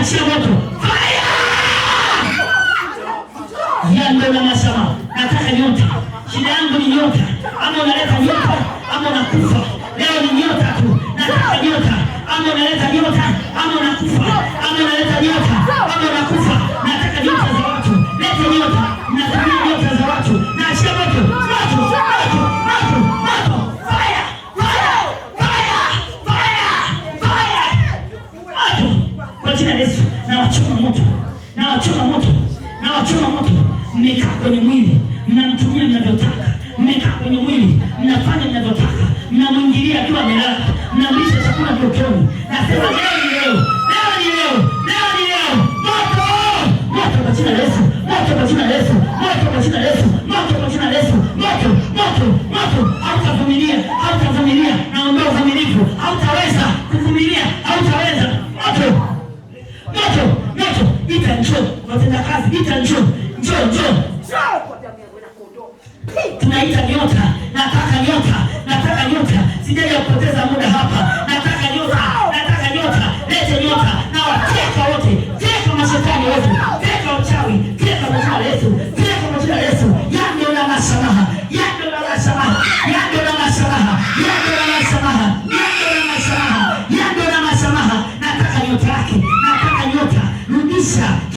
achia moto ya ndio na masama. Nataka nyota, shida yangu ni nyota, ama unaleta nyota ama unakufa. Leo ni nyota tu, nataka nyota ama unaleta nyota ama jina la Yesu, na wachoma moto, na wachoma moto, na wachoma moto. Mmekaa kwenye mwili, mnamtumia mnavyotaka, mmekaa kwenye mwili, mnafanya mnavyotaka, mnamwingilia akiwa amelala, mnamlisha chakula vyotoni. Nasema leo ni leo, leo ni leo, leo ni leo, moto, moto kwa jina la Yesu, moto kwa jina la Yesu, moto kwa jina la Yesu, moto kwa jina la Yesu, moto ita njoo, watenda kazi ita njoo, njoo njoo, tunaita nyota. Nataka nyota, nataka nyota, sijaja kupoteza muda hapa. Nataka nyota, nataka nyota, lete nyota na wateka wote, teka mashetani wote, teka uchawi, teka kwa Yesu, teka kwa Yesu. Yando na masamaha, yando na masamaha, yando na masamaha, yando na masamaha, yando na masamaha, yando na masamaha, nataka nyota yake Answer